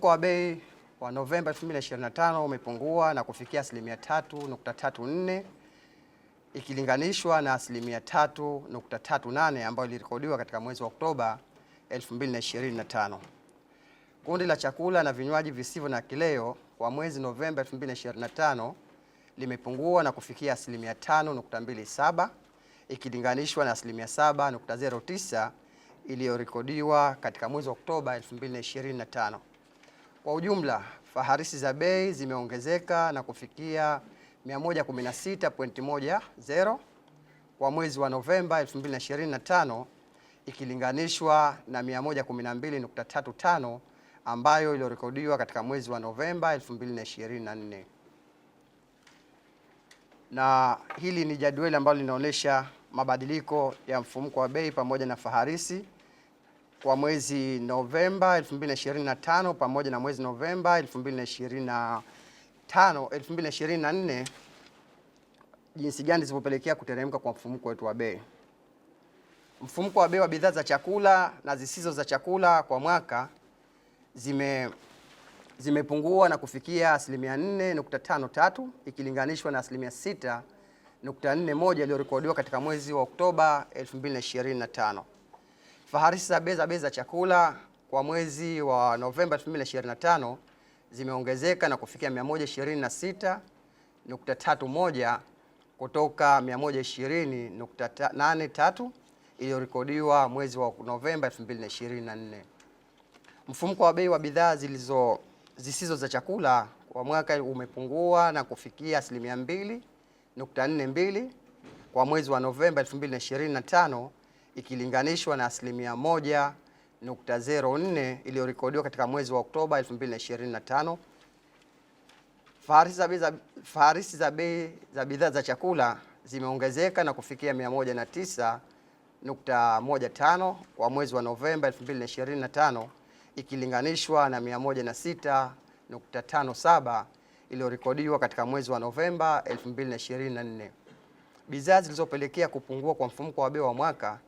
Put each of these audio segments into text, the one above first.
Mfumuko wa bei wa Novemba 2025 umepungua na kufikia asilimia 3.34 ikilinganishwa na asilimia 3.38 ambayo ilirekodiwa katika mwezi wa Oktoba 2025. Kundi la chakula na vinywaji visivyo na kileo kwa mwezi Novemba 2025 limepungua na kufikia asilimia 5.27 ikilinganishwa na asilimia 7.09 iliyorekodiwa katika mwezi wa Oktoba 2025. Kwa ujumla, faharisi za bei zimeongezeka na kufikia 116.10 kwa mwezi wa Novemba 2025 ikilinganishwa na 112.35 ambayo iliyorekodiwa katika mwezi wa Novemba 2024. Na hili ni jadwali ambalo linaonyesha mabadiliko ya mfumuko wa bei pamoja na faharisi kwa mwezi Novemba 2025 pamoja na mwezi Novemba 2025 2024 jinsi gani zilivyopelekea kuteremka kwa mfumuko wetu wa bei. Mfumuko wa bei wa bidhaa za chakula na zisizo za chakula kwa mwaka zime zimepungua na kufikia asilimia 4.53 ikilinganishwa na asilimia 6.41 iliyorekodiwa katika mwezi wa Oktoba 2025 faharisi za bei za bei za chakula kwa mwezi wa Novemba 2025 zimeongezeka na kufikia 126.31 kutoka 120.83 iliyorekodiwa mwezi wa Novemba 2024. mfumko wa bei wa bidhaa zilizo zisizo za chakula kwa mwaka umepungua na kufikia asilimia 2.42 kwa mwezi wa Novemba 2025 ikilinganishwa na asilimia moja nukta zero nne iliyorekodiwa katika mwezi wa Oktoba 2025. Farisi za bei za bidhaa za chakula zimeongezeka na kufikia 109.15 kwa mwezi wa Novemba 2025 ikilinganishwa na 106.57 iliyorekodiwa katika mwezi wa Novemba 2024. Bidhaa zilizopelekea kupungua kwa mfumuko wa bei wa mwaka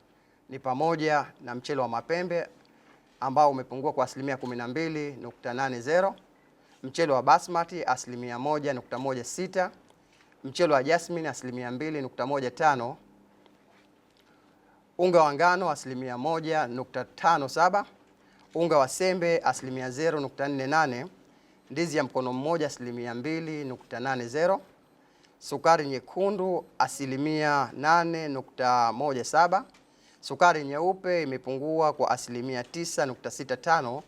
ni pamoja na mchele wa mapembe ambao umepungua kwa asilimia 12.80, mchele wa basmati asilimia 1.16, mchele wa jasmine asilimia 2.15, unga wa ngano asilimia 1.57, unga wa sembe asilimia 0.48, ndizi ya mkono mmoja asilimia 2.80, sukari nyekundu asilimia 8.17 sukari nyeupe imepungua kwa asilimia 9.65,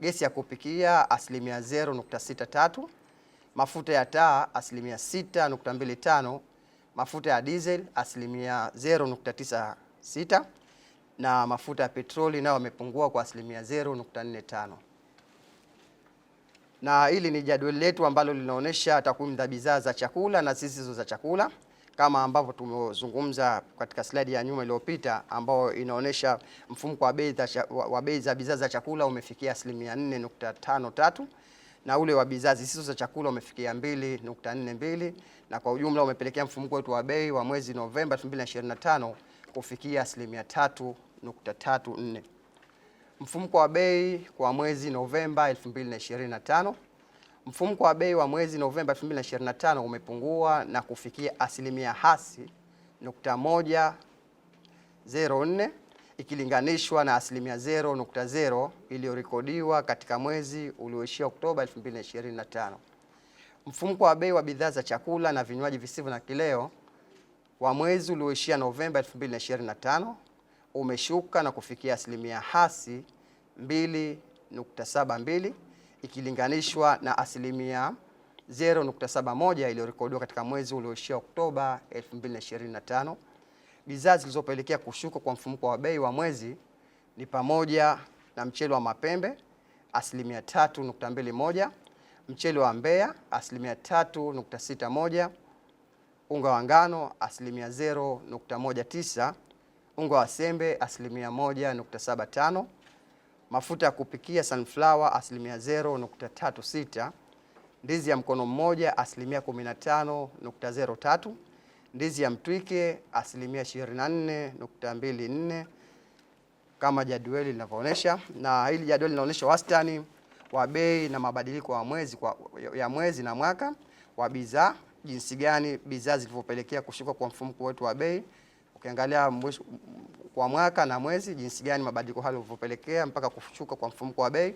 gesi ya kupikia asilimia 0.63, mafuta ya taa asilimia 6.25, mafuta ya diesel asilimia 0.96 na mafuta ya petroli nayo yamepungua kwa asilimia 0.45. Na hili ni jadwali letu ambalo linaonyesha takwimu za bidhaa za chakula na zisizo za chakula kama ambavyo tumezungumza katika slide ya nyuma iliyopita ambayo inaonyesha mfumko wa bei za bidhaa za chakula umefikia asilimia 4.53 na ule wa bidhaa zisizo za chakula umefikia 2.42 na kwa ujumla umepelekea mfumko wetu wa bei wa mwezi Novemba 2025 kufikia asilimia 3.34. mfumko wa bei kwa mwezi Novemba mfumko wa bei wa mwezi Novemba 2025 umepungua na kufikia asilimia hasi nukta moja zero nne ikilinganishwa na asilimia 0.0 iliyorekodiwa katika mwezi ulioishia Oktoba 2025. mfumko wa bei wa bidhaa za chakula na vinywaji visivyo na kileo wa mwezi ulioishia Novemba 2025 umeshuka na kufikia asilimia hasi 2.72 ikilinganishwa na asilimia 0.71 iliyorekodiwa katika mwezi ulioishia Oktoba 2025. Bidhaa zilizopelekea kushuka kwa mfumuko wa bei wa mwezi ni pamoja na mchele wa mapembe asilimia 3.21, mchele wa Mbeya asilimia 3.61, unga wa ngano asilimia 0.19, unga wa sembe asilimia 1.75 mafuta ya kupikia sunflower asilimia 0.36, ndizi ya mkono mmoja asilimia 15.03, ndizi ya mtwike asilimia 24.24 kama jadwali linavyoonyesha. Na hili jadwali linaonyesha wastani wa bei na mabadiliko ya mwezi, kwa, ya mwezi na mwaka wa bidhaa, jinsi gani bidhaa zilivyopelekea kushuka kwa mfumko wetu wa bei. Ukiangalia kwa mwaka na mwezi, jinsi gani mabadiliko hayo yalivyopelekea mpaka kushuka kwa mfumko wa bei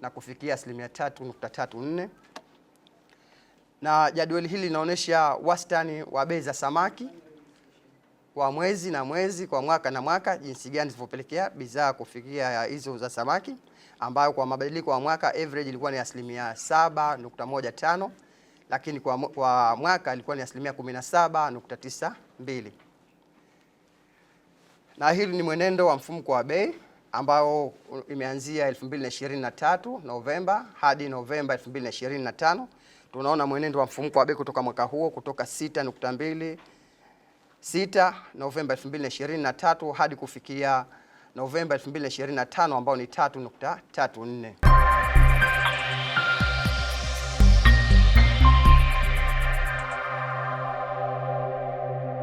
na kufikia asilimia 3.34. Na jadwali hili linaonyesha wastani wa bei za samaki kwa mwezi na mwezi, kwa mwaka na mwaka, jinsi gani zilivyopelekea bidhaa kufikia hizo za samaki, ambayo kwa mabadiliko ya mwaka average ilikuwa ni asilimia 7.15, lakini kwa, kwa mwaka ilikuwa ni asilimia 17.92 na hili ni mwenendo wa mfumko wa bei ambao imeanzia 2023 Novemba hadi Novemba 2025. Tunaona mwenendo wa mfumko wa bei kutoka mwaka huo kutoka 6.2 6 Novemba 2023 hadi kufikia Novemba 2025 ambao ni 3.34.